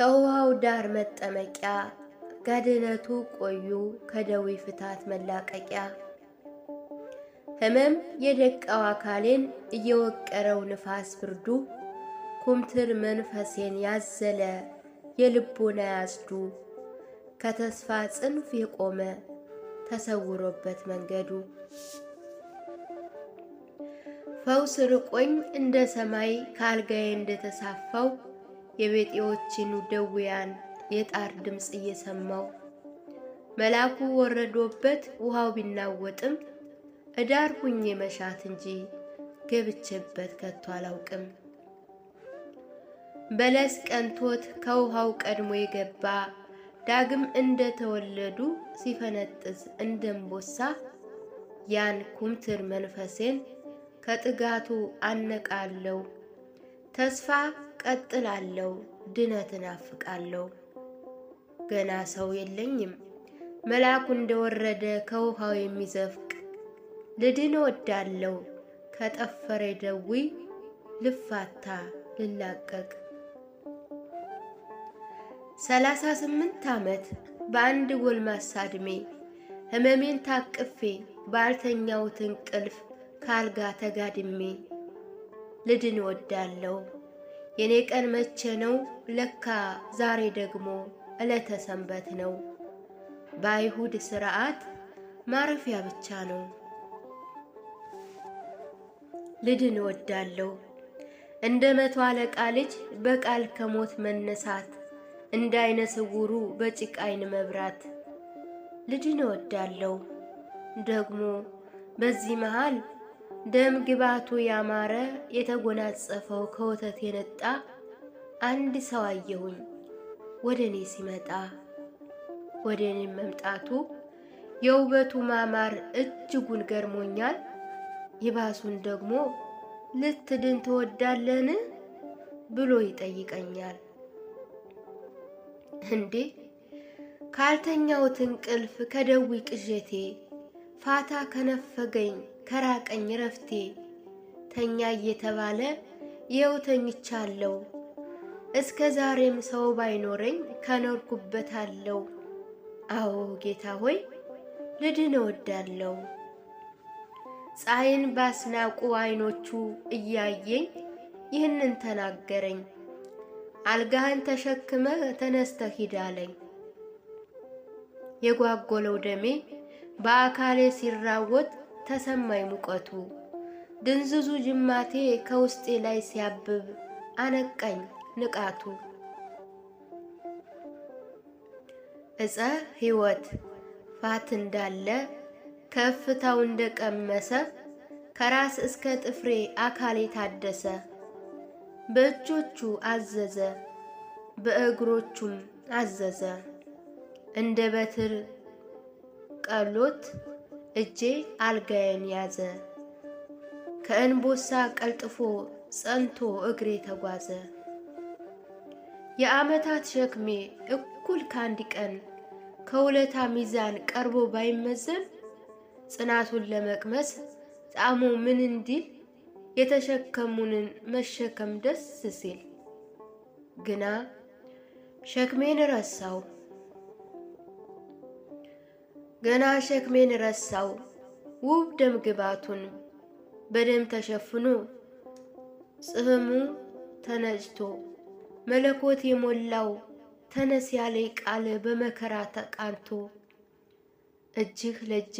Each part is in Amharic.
ከውሃው ዳር መጠመቂያ ጋደለቱ ቆዩ ከደዌ ፍታት መላቀቂያ ህመም የደቃው አካሌን እየወቀረው ንፋስ ብርዱ ኩምትር መንፈሴን ያዘለ የልቦና ያዝዱ ከተስፋ ጽንፍ የቆመ ተሰውሮበት መንገዱ ፈውስ ርቆኝ እንደ ሰማይ ከአልጋዬ እንደተሳፋው የቤጤዎችን ደዌያን የጣር ድምፅ እየሰማው መልአኩ ወረዶበት ውሃው ቢናወጥም እዳር ሁኜ መሻት እንጂ ገብቼበት ከቶ አላውቅም። በለስ ቀንቶት ከውሃው ቀድሞ የገባ ዳግም እንደተወለዱ ሲፈነጥዝ እንደንቦሳ ያን ኩምትር መንፈሴን ከጥጋቱ አነቃለው ተስፋ ቀጥላለሁ ድነት እናፍቃለሁ። ገና ሰው የለኝም መልአኩ እንደወረደ ከውሃው የሚዘፍቅ ልድን ወዳለሁ ከጠፈረ ደዊ ልፋታ ልላቀቅ። ሰላሳ ስምንት ዓመት በአንድ ጎልማሳ ዕድሜ ህመሜን ታቅፌ ባልተኛውት እንቅልፍ ካልጋ ተጋድሜ ልድን ወዳለው የኔ ቀን መቼ ነው? ለካ ዛሬ ደግሞ ዕለተ ሰንበት ነው። በአይሁድ ስርዓት ማረፊያ ብቻ ነው። ልድን እወዳለሁ እንደ መቶ አለቃ ልጅ በቃል ከሞት መነሳት እንደ አይነ ስውሩ በጭቃ አይን መብራት ልድን እወዳለሁ ደግሞ በዚህ መሃል ደም ግባቱ ያማረ የተጎናጸፈው ከወተት የነጣ አንድ ሰው አየሁኝ ወደ እኔ ሲመጣ ወደ እኔ መምጣቱ የውበቱ ማማር እጅጉን ገርሞኛል። ይባሱን ደግሞ ልትድን ትወዳለን ብሎ ይጠይቀኛል። እንዴ ካልተኛውት እንቅልፍ ከደዌ ቅዠቴ ፋታ ከነፈገኝ ከራቀኝ ረፍቴ ተኛ እየተባለ ይኸው ተኝቻለሁ። እስከ ዛሬም ሰው ባይኖረኝ አለው። አዎ ጌታ ሆይ ልድን እወዳለሁ። ፀሐይን ባስናቁ አይኖቹ እያየኝ ይህንን ተናገረኝ። አልጋህን ተሸክመ ተነስተ ሂዳለኝ! የጓጎለው ደሜ በአካሌ ሲራወጥ ተሰማኝ ሙቀቱ ድንዝዙ ጅማቴ ከውስጤ ላይ ሲያብብ አነቃኝ ንቃቱ። እፀ ሕይወት ፋት እንዳለ ከፍታው እንደቀመሰ ከራስ እስከ ጥፍሬ አካሌ ታደሰ። በእጆቹ አዘዘ በእግሮቹም አዘዘ እንደ በትር ቀሎት እጄ አልጋዬን ያዘ ከእንቦሳ ቀልጥፎ ጸንቶ እግሬ ተጓዘ። የዓመታት ሸክሜ እኩል ከአንድ ቀን ከውለታ ሚዛን ቀርቦ ባይመዘን ጽናቱን ለመቅመስ ጣዕሙ ምን እንዲል የተሸከሙንን መሸከም ደስ ሲል ግና ሸክሜን ረሳው። ገና ሸክሜን ረሳው ውብ ደም ግባቱን በደም ተሸፍኖ ጽህሙ ተነጭቶ መለኮት የሞላው ተነስ ያለ ቃል በመከራ ተቃንቶ እጅህ ለእጄ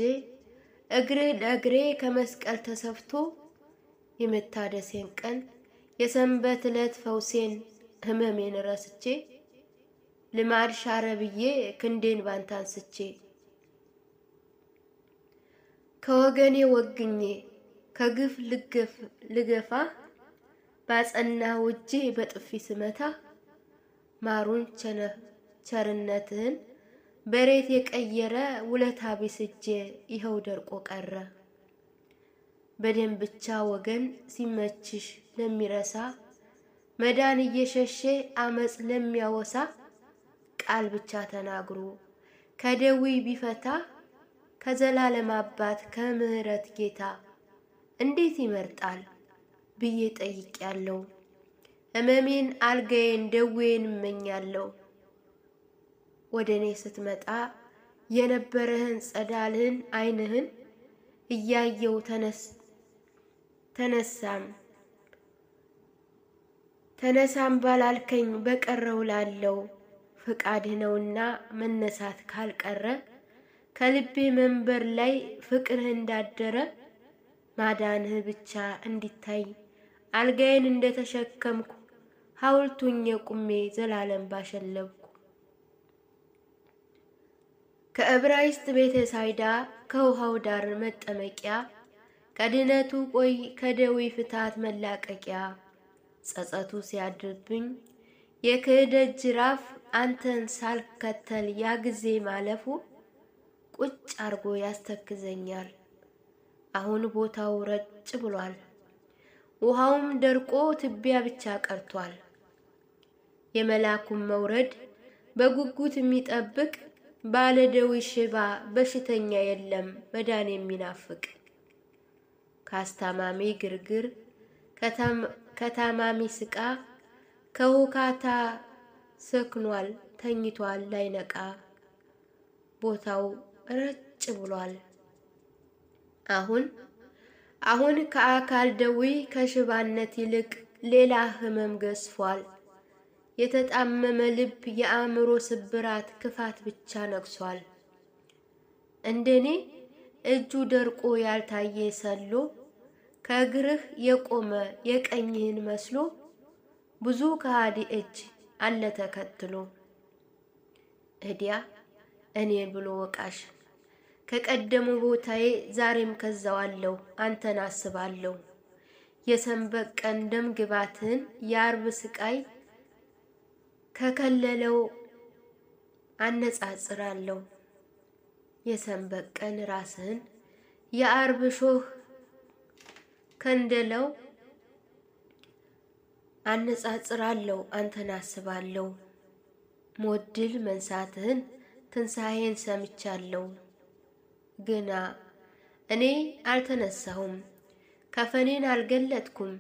እግሬ ለእግሬ ከመስቀል ተሰፍቶ የመታደሴን ቀን የሰንበት ዕለት ፈውሴን ህመሜን ረስቼ ልማድ ሻረ ብዬ ክንዴን ባንታንስቼ ከወገኔ ወግኜ ከግፍ ልገፋ ባጸና ውጄ በጥፊ ስመታ ማሩን ቸርነትህን በሬት የቀየረ ውለታ ቢስ እጄ ይኸው ደርቆ ቀረ። በደም ብቻ ወገን ሲመችሽ ለሚረሳ መዳን እየሸሼ አመፅ ለሚያወሳ ቃል ብቻ ተናግሮ ከደዌ ቢፈታ ከዘላለም አባት ከምህረት ጌታ እንዴት ይመርጣል ብዬ ጠይቅ ያለው እመሜን አልጋዬን፣ ደዌን እመኛለሁ። ወደ እኔ ስትመጣ የነበረህን ጸዳልህን አይንህን እያየው ተነሳም ተነሳም ባላልከኝ በቀረው ላለው ፈቃድህ ነውና መነሳት ካልቀረ ከልቤ መንበር ላይ ፍቅርህ እንዳደረ ማዳንህ ብቻ እንዲታይ አልጋዬን እንደተሸከምኩ ሐውልቱኝ ቁሜ ዘላለም ባሸለብኩ ከእብራይስጥ ቤተ ሳይዳ ከውሃው ዳር መጠመቂያ ከድነቱ ቆይ ከደዌ ፍታት መላቀቂያ ጸጸቱ ሲያድርብኝ የክህደት ጅራፍ አንተን ሳልከተል ያ ጊዜ ማለፉ ቁጭ አርጎ ያስተክዘኛል። አሁን ቦታው ረጭ ብሏል፣ ውሃውም ደርቆ ትቢያ ብቻ ቀርቷል። የመላኩን መውረድ በጉጉት የሚጠብቅ ባለደዊ ሽባ በሽተኛ የለም መዳን የሚናፍቅ ከአስታማሚ ግርግር ከታማሚ ስቃ ከውካታ ሰክኗል ተኝቷል ላይነቃ ቦታው ረጭ ብሏል። አሁን አሁን ከአካል ደዌ ከሽባነት ይልቅ ሌላ ህመም ገዝፏል። የተጣመመ ልብ፣ የአእምሮ ስብራት፣ ክፋት ብቻ ነግሷል። እንደኔ እጁ ደርቆ ያልታየ ሰሎ ከእግርህ የቆመ የቀኝህን መስሎ ብዙ ከሃዲ እጅ አለ ተከትሎ እዲያ እኔን ብሎ ወቃሽ ከቀደሙ ቦታዬ ዛሬም ከዛው አለው አንተን አስባለሁ። የሰንበት ቀን ደም ግባትን የአርብ ስቃይ ከከለለው አነጻጽራለሁ። የሰንበት ቀን ራስን የአርብ ሾህ ከንደለው አነጻጽራለሁ አንተን አስባለሁ። ሞድል መንሳትህን ትንሣኤን ሰምቻለሁ። ግና እኔ አልተነሳሁም፣ ከፈኔን አልገለጥኩም፣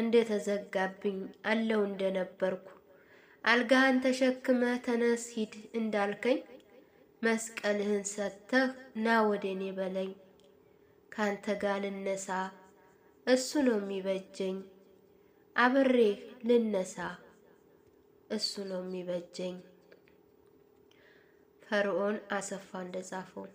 እንደተዘጋብኝ አለው እንደነበርኩ አልጋህን ተሸክመህ ተነስ ሂድ እንዳልከኝ መስቀልህን ሰጥተህ ና ወደ እኔ በለኝ። ካንተ ጋር ልነሳ እሱ ነው የሚበጀኝ፣ አብሬ ልነሳ እሱ ነው የሚበጀኝ። ፈርዖን አሰፋ እንደጻፈው